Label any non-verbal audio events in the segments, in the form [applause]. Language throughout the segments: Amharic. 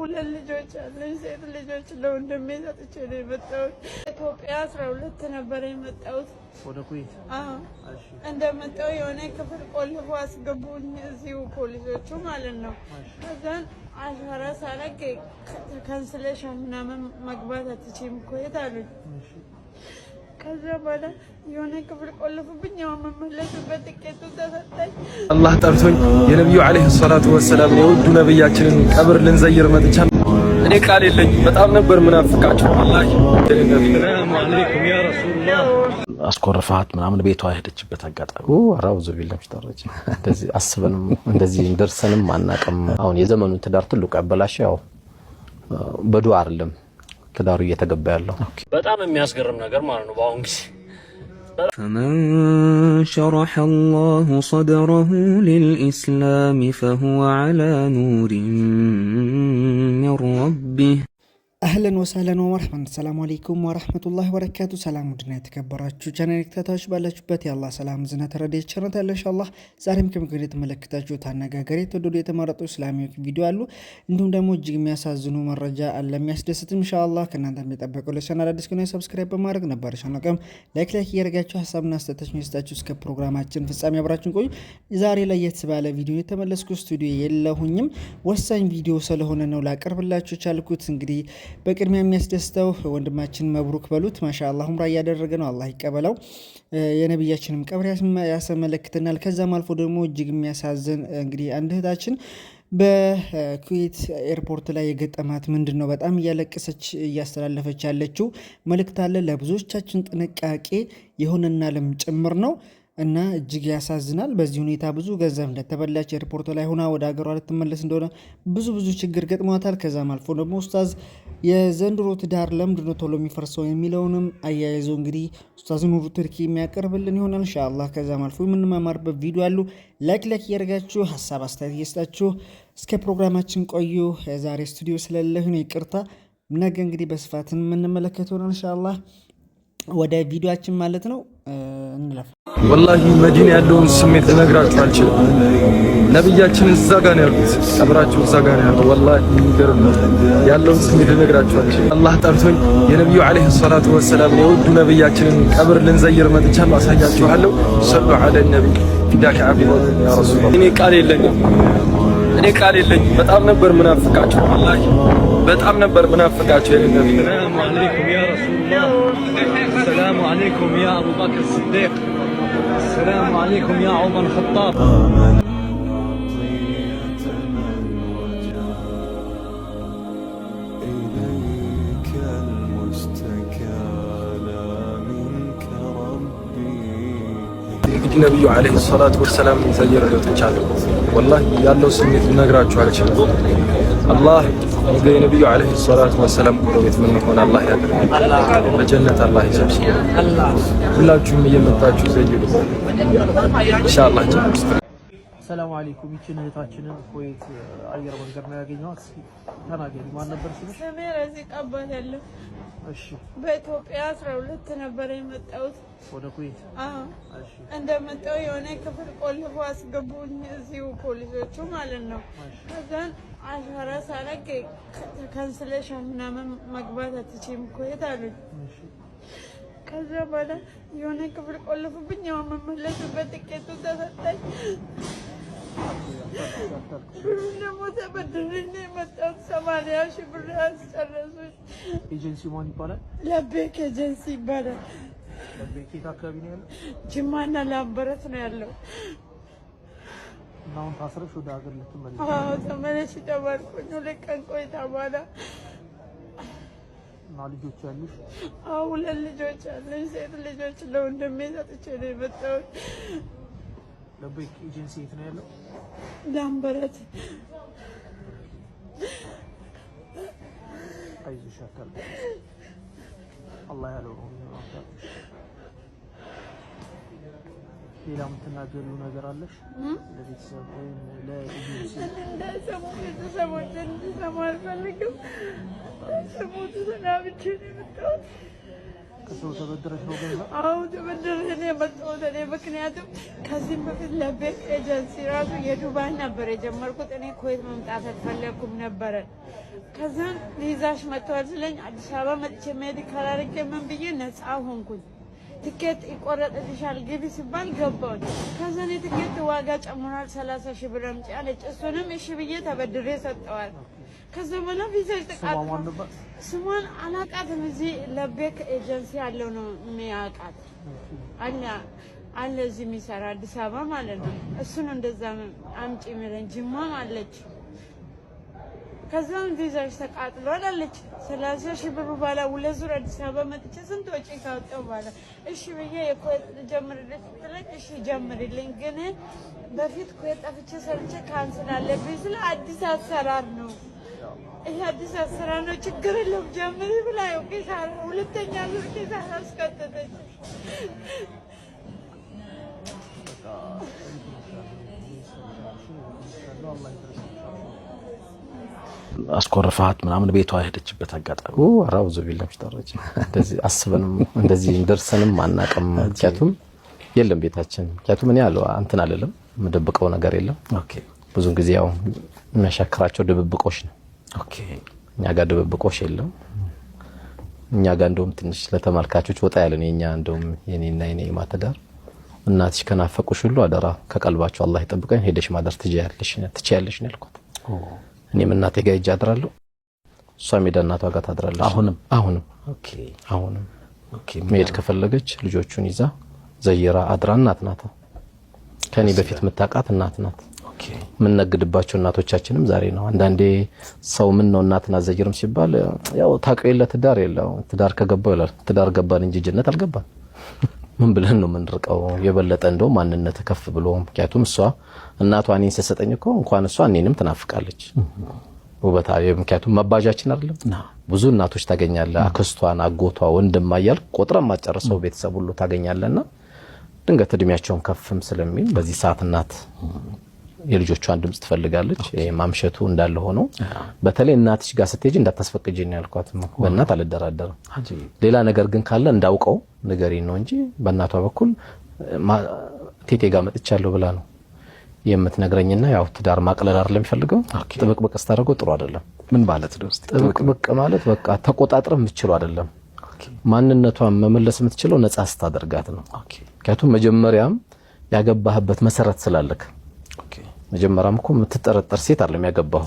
ሁለት ልጆች ያለኝ ሴት ልጆች ለወንድሜ ሰጥቼ ነው የመጣሁት። ኢትዮጵያ አስራ ሁለት ነበረ የመጣሁት። እንደመጣሁ የሆነ ክፍል ቆልፎ አስገቡኝ፣ እዚሁ ፖሊሶቹ ማለት ነው። ከዛን አሻራ ሳረግ ካንስሌሽን ምናምን መግባት አትችይም እኮ አሉኝ ከዛ በኋላ የሆነ ክፍል ቆለፉብኝ። ያው መመለስበት ትኬቱ ተሰጠኝ። አላህ ጠርቶኝ የነቢዩ ዓለይሂ ሰላቱ ወሰላም የውዱ ነብያችንን ቀብር ልንዘይር መጥቻ እኔ ቃል የለኝ በጣም ነበር ምናፍቃቸው። አስኮርፋት ምናምን ቤቷ ሄደችበት አጋጣሚ አራውዙ ቢላሽ ተረጅ እንደዚህ አስበንም እንደዚህ ደርሰንም አናቅም። አሁን የዘመኑን ትዳር ትልቁ ያበላሸ ያው በዱዓ አይደለም ትዳሩ እየተገባ ያለው በጣም የሚያስገርም ነገር ማለት ነው። በአሁን ጊዜ فمن شرح الله صدره للإسلام فهو على نور من ربه አህለን ወሳለን ወመርሐባን ሰላሙ አለይኩም ወረህመቱላሂ ወበረካቱ። ሰላም ውድና የተከበራችሁ ቻናል ተከታታዮች ባላችሁበት የአላህ ሰላም ዝና ተረዳጅ ቸርነት ያለ ኢንሻአላህ። ዛሬም ከምግብ የተመለከታችሁት አነጋገር የተወደዱ የተመረጡ እስላሚዎች ቪዲዮ አሉ። እንዲሁም ደግሞ እጅግ የሚያሳዝኑ መረጃ አለ የሚያስደስትም ከእናንተ የሚጠበቀው ለቻናል አዲስ ከሆነ ሰብስክራይብ በማድረግ ነበር ሻናቀም ላይክ ላይክ እያደረጋችሁ ሀሳብና አስተያየታችሁን እየሰጣችሁ እስከ ፕሮግራማችን ፍጻሜ አብራችሁን ቆዩ። ዛሬ ላይ የተባለ ቪዲዮ የተመለስኩ ስቱዲዮ የለሁኝም ወሳኝ ቪዲዮ ስለሆነ ነው ላቀርብላችሁ ቻልኩት እንግዲህ በቅድሚያ የሚያስደስተው ወንድማችን መብሩክ በሉት። ማሻአላህ ዑምራ እያደረገ ነው፣ አላህ ይቀበለው። የነቢያችንም ቀብር ያስመለክተናል። ከዛም አልፎ ደግሞ እጅግ የሚያሳዝን እንግዲህ አንድ እህታችን በኩዌት ኤርፖርት ላይ የገጠማት ምንድን ነው? በጣም እያለቀሰች እያስተላለፈች ያለችው መልእክት አለ። ለብዙዎቻችን ጥንቃቄ የሆነናልም ጭምር ነው። እና እጅግ ያሳዝናል። በዚህ ሁኔታ ብዙ ገንዘብ እንደተበላች ኤርፖርት ላይ ሆና ወደ ሀገሯ ልትመለስ እንደሆነ ብዙ ብዙ ችግር ገጥሟታል። ከዛም አልፎ ደግሞ ኡስታዝ የዘንድሮ ትዳር ለምንድነው ቶሎ የሚፈርሰው የሚለውንም አያይዞ እንግዲህ ኡስታዝ ኑሩ ቱርኪ የሚያቀርብልን ይሆናል ኢንሻአላህ። ከዛም አልፎ የምንማማርበት ቪዲዮ አሉ። ላይክ ላይክ እያደርጋችሁ ሀሳብ አስተያየት እየሰጣችሁ እስከ ፕሮግራማችን ቆዩ። ዛሬ ስቱዲዮ ስለለህን ይቅርታ። ነገ እንግዲህ በስፋት የምንመለከት ይሆናል ወደ ቪዲዮችን ማለት ነው እንለፍ። ወላሂ መዲና ያለውን ስሜት ልነግራችሁ አልችልም። ነብያችን እዛ ጋር ነው ያሉት፣ ቀብራቸው እዛ ጋር ነው ያለው። ወላሂ የሚገርም ያለውን ስሜት ልነግራችሁ አልችልም። አላህ ጠርቶኝ የነቢዩ አለይሂ ሰላቱ ወሰላም የውዱ ነብያችንን ቀብር ልንዘይር መጥቻለሁ። አሳያችኋለሁ። ሰሉ አለ ነብይ ፊዳከ አቢ ያ ረሱላህ። እኔ ቃል የለኝም እኔ ቃል የለኝም። በጣም ነበር ምናፍቃቸው፣ ወላሂ በጣም ነበር ምናፍቃቸው። የነብዩ አለይኩም ያ ረሱላህ عليكم يا ابو بكر الصديق السلام عليكم يا عمر الخطاب النبي عليه الصلاة والسلام من زير اليوتيوب والله يالله سميت بنقرأ جوال الله የነቢዩ ዓለይሂ ሰላቱ ወሰላም ጎረቤት ምንሆን አላህ ያደርገን፣ በጀነት አላህ ይሰብስበን። ሁላችሁም እየመጣችሁ ዘይሉ ኢንሻአላህ። አለይኩም ይችን እህታችንን ኮይት አየር መንገድ ነው ያገኘኋት። እስኪ ተናገሪ፣ ማን ነበር ስምሽ? ስሜ ረዚቃ እባላለሁ። እሺ፣ በኢትዮጵያ አስራ ሁለት ነበር የመጣሁት ወደ ኩዌት። አዎ፣ እሺ። እንደመጣሁ የሆነ ክፍል ቆልፎ አስገቡኝ፣ እዚሁ ፖሊሶቹ ማለት ነው። ከዛን አሻራ ሳረግ ካንስሌሽን ምናምን መግባት አትችም ኩዌት አሉኝ። ከዛ በኋላ የሆነ ክፍል ቆልፉብኝ፣ ያው የምመለስበት ትኬቱ ተሰጠኝ። ደግሞ ተበድሬን ነው የመጣሁት። ሰማንያ ሺህ ብር አስጨረሱኝ። ኤጀንሲ ማን ይባላል? ለቤክ ኤጀንሲ ይባላል። ለቤክ የት አካባቢ ነው ያለው? ጅማና ላምበረት ነው ያለው። አሁን ታስረሽ ወደ ሀገር ልትመለሽ? አዎ ተመለሽ ተባልኩኝ። ሁለት ቀን ቆይታ በኋላ እና ልጆች ያሉሽ? አዎ ሁለት ልጆች አሉኝ። ሴት ልጆች ለወንድሜ ሰጥቼ ነው የመጣሁት። ለበይክ ኤጀንሲ የት ነው ያለው? ላምበረት። አይዞሽ አታልቅሽ። አላህ ያለው ሌላ የምትናገሪው ነገር አለሽ? ለቤተሰብ ወይም ለኤጀንሲ እንዲሰማ አልፈልግም። ስሙት ስና ብቻ ነው የመጣሁት ከሰው ተበደረች ነው ገንዘብ? አዎ ተበደረች። እኔ መጣሁት እኔ ምክንያቱም ከዚህም በፊት ለቤት ኤጀንሲ ራሱ የዱባይ ነበር የጀመርኩት። እኔ ኮይት መምጣት አልፈለግኩም ነበረ። ከዛን ቪዛሽ መጥተዋል ስለኝ አዲስ አበባ መጥቼ ሜዲካል አድርጌ ምን ብዬ ነፃ ሆንኩኝ። ትኬት ይቆረጥልሻል ግቢ ሲባል ገባሁኝ። ከዛን የትኬት ዋጋ ጨምሯል፣ ሰላሳ ሺህ ብር አምጪ አለች። እሱንም እሺ ብዬ ተበድሬ ሰጠዋል። ከዛ በኋላ ቪዛ ስሟን አላውቃትም። እዚህ ለቤክ ኤጀንሲ ያለው ነው የሚያውቃት አለ አለ እዚህ የሚሰራ አዲስ አበባ ማለት ነው። እሱን እንደዛ አምጪ የሚለኝ ጅማም አለች። ከዛም ቪዛሽ ተቃጥሏል አለች። ሰላሳ ሺህ ብር በኋላ ሁለት ዙር አዲስ አበባ መጥቼ ስንት ወጪ ካወጣሁ በኋላ እሺ ብዬ የኩዌት ጀምርልኝ ስትለኝ እሺ ጀምርልኝ፣ ግን በፊት ኩዌት ጠፍቼ ሰርቼ ካንስል አለብኝ ስለ አዲስ አሰራር ነው ይሄ አዲስ አሰራ ነው። ችግር የለውም ጀምሪ ብላየው ኪሳራ ሁለተኛ ዙር ኪሳራ አስከተተች። አስኮርፋት ምናምን ቤቷ ሄደችበት አጋጣሚ አራውዙ ቢላች ጠረች። እንደዚህ አስበንም እንደዚህ ደርሰንም አናቅም። ምክንያቱም የለም ቤታችን ምክንያቱም እኔ ያለው እንትን አለለም የምደብቀው ነገር የለም። ብዙ ጊዜ ያው የሚያሻክራቸው ድብብቆች ነው እኛ ጋር ድብብቆሽ የለም። እኛ ጋር እንደውም ትንሽ ለተመልካቾች ወጣ ያለ ነው። እኛ እንደውም የኔና የኔ ማተዳር እናትሽ ከናፈቁሽ ሁሉ አደራ ከቀልባቸው አላህ ይጠብቀኝ ሄደሽ ማደር ትችያለሽ ነው ያልኳት። እኔም እናቴ ጋር ሂጅ አድራለሁ። እሷ ሜዳ እናቷ ጋር ታድራለች። አሁንም አሁንም አሁንም መሄድ ከፈለገች ልጆቹን ይዛ ዘይራ አድራ እናት ናት። ከእኔ በፊት የምታውቃት እናት ናት። የምንነግድባቸው እናቶቻችንም ዛሬ ነው። አንዳንዴ ሰው ምን ነው እናትን አዘጅርም ሲባል ያው ታውቀው የለ ትዳር የለው ትዳር ከገባው ይላል። ትዳር ገባን እንጂ ጅነት አልገባን። [laughs] ምን ብለን ነው የምንርቀው? የበለጠ እንደው ማንነት ከፍ ብሎ ምክንያቱም እሷ እናቷ እኔን ስትሰጠኝ እኮ እንኳን እሷ እኔንም ትናፍቃለች ውበታ ምክንያቱም መባጃችን አይደለም። ብዙ እናቶች ታገኛለ አክስቷን፣ አጎቷ፣ ወንድማ እያል ቆጥረ ማጨርሰው ቤተሰብ ሁሉ ታገኛለና ድንገት እድሜያቸውን ከፍም ስለሚል በዚህ ሰዓት እናት የልጆቿን ድምጽ ትፈልጋለች። ማምሸቱ እንዳለ ሆኖ በተለይ እናትሽ ጋር ስትሄጂ እንዳታስፈቅጂኝ ያልኳት በእናት አልደራደርም። ሌላ ነገር ግን ካለ እንዳውቀው ንገሪኝ ነው እንጂ በእናቷ በኩል ቴቴ ጋር መጥቻለሁ ብላ ነው የምትነግረኝና ያው ትዳር ማቅለል አይደለም የሚፈልገው። ጥብቅብቅ ስታደርገው ጥሩ አይደለም። ምን ማለት ነው? ጥብቅብቅ ማለት በቃ ተቆጣጥረ የምትችሉ አይደለም። ማንነቷን መመለስ የምትችለው ነጻ ስታደርጋት ነው። ምክንያቱም መጀመሪያም ያገባህበት መሰረት ስላለክ መጀመሪያም እኮ የምትጠረጠር ሴት አለ የሚያገባው።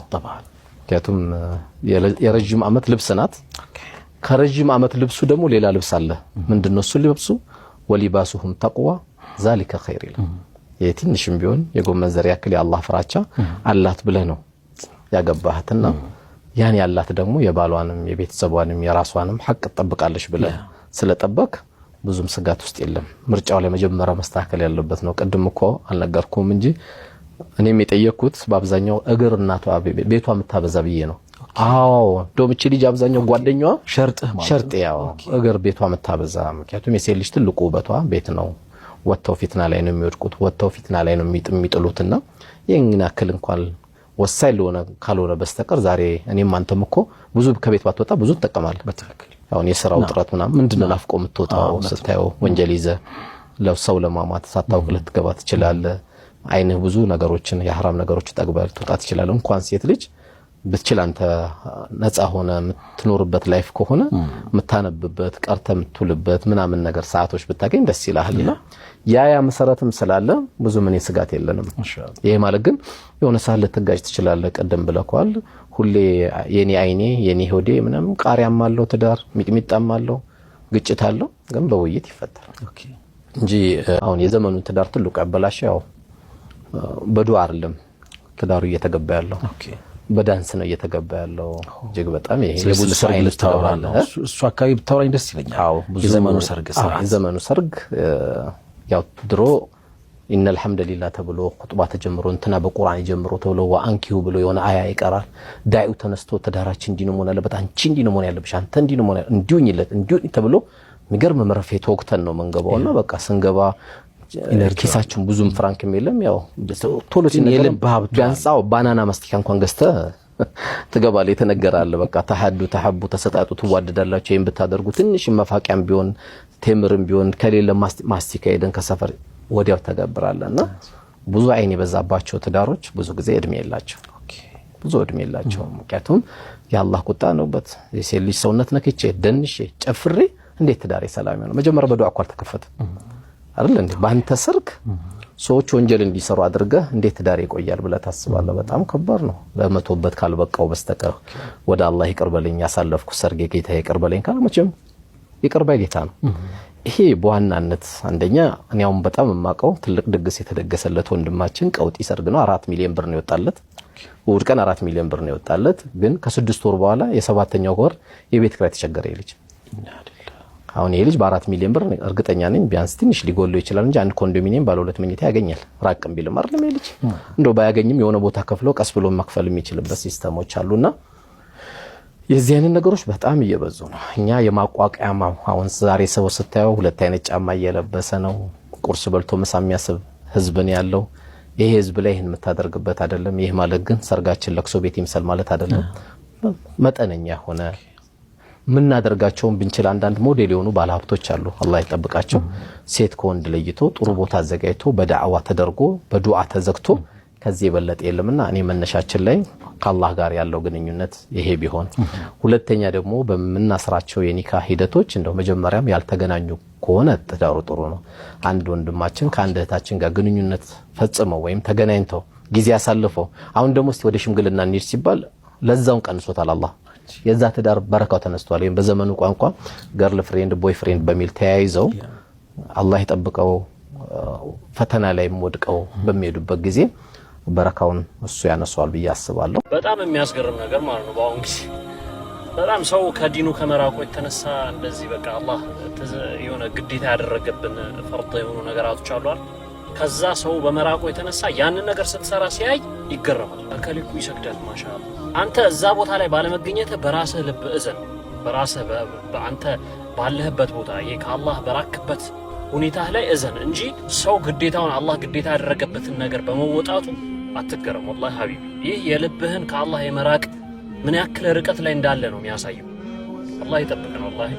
ምክንያቱም የረዥም ዓመት ልብስ ናት። ከረዥም ዓመት ልብሱ ደግሞ ሌላ ልብስ አለ። ምንድነው እሱ ልብሱ? ወሊባሱሁም ተቅዋ ዛሊከ ኸይር ይላል። የትንሽም ቢሆን የጎመን ዘር ያክል የአላህ ፍራቻ አላት ብለህ ነው ያገባህትና ያን ያላት ደግሞ የባሏንም የቤተሰቧንም የራሷንም ሀቅ ትጠብቃለች ብለህ ስለጠበቅ ብዙም ስጋት ውስጥ የለም። ምርጫው ላይ መጀመሪያ መስተካከል ያለበት ነው። ቅድም እኮ አልነገርኩም እንጂ እኔም የጠየቅኩት በአብዛኛው እግር እናቷ ቤቷ የምታበዛ ብዬ ነው። አዎ እንደውም እቺ ልጅ አብዛኛው ጓደኛዋ ሸርጥ ያው እግር ቤቷ የምታበዛ ምክንያቱም የሴት ልጅ ትልቁ ውበቷ ቤት ነው። ወጥተው ፊትና ላይ ነው የሚወድቁት፣ ወጥተው ፊትና ላይ ነው የሚጥሉትና ይህን ያክል እንኳን ወሳኝ ለሆነ ካልሆነ በስተቀር ዛሬ እኔም አንተም እኮ ብዙ ከቤት ባትወጣ ብዙ ትጠቀማለህ። አሁን የስራው ጥረት ምናምን ምንድን ነው ናፍቆ የምትወጣው ስታየው ወንጀል ይዘህ ለሰው ለማማት ሳታውቅ ልትገባ ትችላለህ። አይንህ ብዙ ነገሮችን የሐራም ነገሮች ጠግበህ ልትወጣ ትችላለህ። እንኳን ሴት ልጅ ብትችል አንተ ነፃ ሆነ የምትኖርበት ላይፍ ከሆነ የምታነብበት ቀርተ የምትውልበት ምናምን ነገር ሰዓቶች ብታገኝ ደስ ይላልና ያ ያ መሰረትም ስላለ ብዙ ምን ስጋት የለንም። ይሄ ማለት ግን የሆነ ሰዓት ልትጋጭ ትችላለህ። ቅድም ብለኳል። ሁሌ የኔ አይኔ የኔ ሆዴ ምናምን ቃሪያም አለው ትዳር ሚጥሚጣም አለው ግጭት አለው፣ ግን በውይይት ይፈታል እንጂ አሁን የዘመኑን ትዳር ትልቁ ያበላሸው ያው በዱዓ አይደለም ትዳሩ እየተገባ ያለው በዳንስ ነው እየተገባ ያለው። እጅግ በጣም ይሄ ሰርግ ልታወራ ነው። እሱ አካባቢ ብታወራኝ ደስ ይለኛል። የዘመኑ ሰርግ የዘመኑ ሰርግ ያው ድሮ ኢነል ሐምደሊላ ተብሎ ኹጥባ ተጀምሮ እንትና በቁርአን ጀምሮ ተብሎ ወአንኪሁ ብሎ የሆነ አያ ይቀራል። ዳዩ ተነስቶ ትዳራችን እንዲህ ነው መሆን አለበት፣ አንቺ እንዲህ ነው መሆን ያለብሽ፣ አንተ እንዲህ ነው መሆን እንዲሁኝለት እንዲሁኝ ተብሎ የሚገርም መረፌ ተወግተን ነው መንገባውና በቃ ስንገባ ኪሳችን ብዙም ፍራንክም የለም። ያው ቶሎ የልብ ሀብቱ ባናና ማስቲካ እንኳን ገዝተ [laughs] ትገባለህ። የተነገራል በቃ ተሐዱ ተሐቡ ተሰጣጡ ትዋደዳላችሁ። ይህን ብታደርጉ ትንሽ መፋቂያም ቢሆን ቴምርም ቢሆን ከሌለ ማስቲካ ሄደን ከሰፈር ወዲያው ተገብራለ እና ብዙ አይን የበዛባቸው ትዳሮች ብዙ ጊዜ እድሜ የላቸው ብዙ እድሜ የላቸው። ምክንያቱም የአላህ ቁጣ ነውበት። የሴት ልጅ ሰውነት ነክቼ ደንሼ ጨፍሬ እንዴት ትዳሬ ሰላም ነው? መጀመሪያ በዱዓ እኮ አልተከፈተም። አይደል እንዴ? በአንተ ስልክ ሰዎች ወንጀል እንዲሰሩ አድርገህ እንዴት ትዳር ይቆያል ብለህ ታስባለህ? በጣም ከባድ ነው። በመቶበት ካልበቃው በስተቀር ወደ አላህ ይቅር ያሳለፍኩ ሰርጌ ጌታ ይቅር ካለ መቼም ይቅር ጌታ ነው። ይሄ በዋናነት አንደኛ እኔ በጣም የማውቀው ትልቅ ድግስ የተደገሰለት ወንድማችን ቀውጢ ሰርግ ነው። አራት ሚሊዮን ብር ነው የወጣለት። እሑድ ቀን አራት ሚሊዮን ብር ነው የወጣለት። ግን ከስድስት ወር በኋላ የሰባተኛው ወር የቤት ኪራይ ተቸገረ ልጅ አሁን ይሄ ልጅ በአራት ሚሊዮን ብር እርግጠኛ ነኝ ቢያንስ ትንሽ ሊጎለው ይችላል እንጂ አንድ ኮንዶሚኒየም ባለ ሁለት መኝታ ያገኛል። ራቅም ቢልም አይደለም ይሄ ልጅ እንደው ባያገኝም የሆነ ቦታ ከፍሎ ቀስ ብሎ መክፈል የሚችልበት ሲስተሞች አሉና የዚህ አይነት ነገሮች በጣም እየበዙ ነው። እኛ የማቋቋማ አሁን ዛሬ ሰው ስታየው ሁለት አይነት ጫማ እየለበሰ ነው። ቁርስ በልቶ ምሳ የሚያስብ ህዝብ ያለው። ይሄ ህዝብ ላይ ይህን የምታደርግበት አይደለም። ይህ ማለት ግን ሰርጋችን ለቅሶ ቤት ይምሰል ማለት አይደለም። መጠነኛ ሆነ ምናደርጋቸውን ብንችል አንዳንድ ሞዴል የሆኑ ባለሀብቶች አሉ። አላህ ይጠብቃቸው። ሴት ከወንድ ለይቶ ጥሩ ቦታ አዘጋጅቶ በዳዕዋ ተደርጎ በዱዓ ተዘግቶ ከዚህ የበለጠ የለምና እኔ መነሻችን ላይ ከአላህ ጋር ያለው ግንኙነት ይሄ ቢሆን፣ ሁለተኛ ደግሞ በምናስራቸው የኒካ ሂደቶች እንደው መጀመሪያም ያልተገናኙ ከሆነ ትዳሩ ጥሩ ነው። አንድ ወንድማችን ከአንድ እህታችን ጋር ግንኙነት ፈጽመው ወይም ተገናኝተው ጊዜ አሳልፈው አሁን ደግሞ እስቲ ወደ ሽምግልና እንሂድ ሲባል ለዛውን ቀንሶታል አላህ የዛ ትዳር በረካው ተነስቷል። ወይም በዘመኑ ቋንቋ ገርል ፍሬንድ ቦይ ፍሬንድ በሚል ተያይዘው አላህ የጠብቀው ፈተና ላይ ወድቀው በሚሄዱበት ጊዜ በረካውን እሱ ያነሷል ብዬ አስባለሁ። በጣም የሚያስገርም ነገር ማለት ነው። በአሁን ጊዜ በጣም ሰው ከዲኑ ከመራቆ የተነሳ እንደዚህ በቃ አላህ የሆነ ግዴታ ያደረገብን ፈርጥ የሆኑ ነገራቶች አሏል። ከዛ ሰው በመራቁ የተነሳ ያንን ነገር ስትሰራ ሲያይ ይገረማል። በከልኩ ይሰግዳል። ማሻ አንተ እዛ ቦታ ላይ ባለመገኘት በራስህ ልብ እዘን። በራስህ በአንተ ባለህበት ቦታ ይሄ ከአላህ በራክበት ሁኔታህ ላይ እዘን እንጂ ሰው ግዴታውን አላህ ግዴታ ያደረገበትን ነገር በመወጣቱ አትገረም። ወላሂ ሀቢቢ ይህ የልብህን ከአላህ የመራቅ ምን ያክል ርቀት ላይ እንዳለ ነው የሚያሳየው። አላህ ይጠብቀን ወላሂ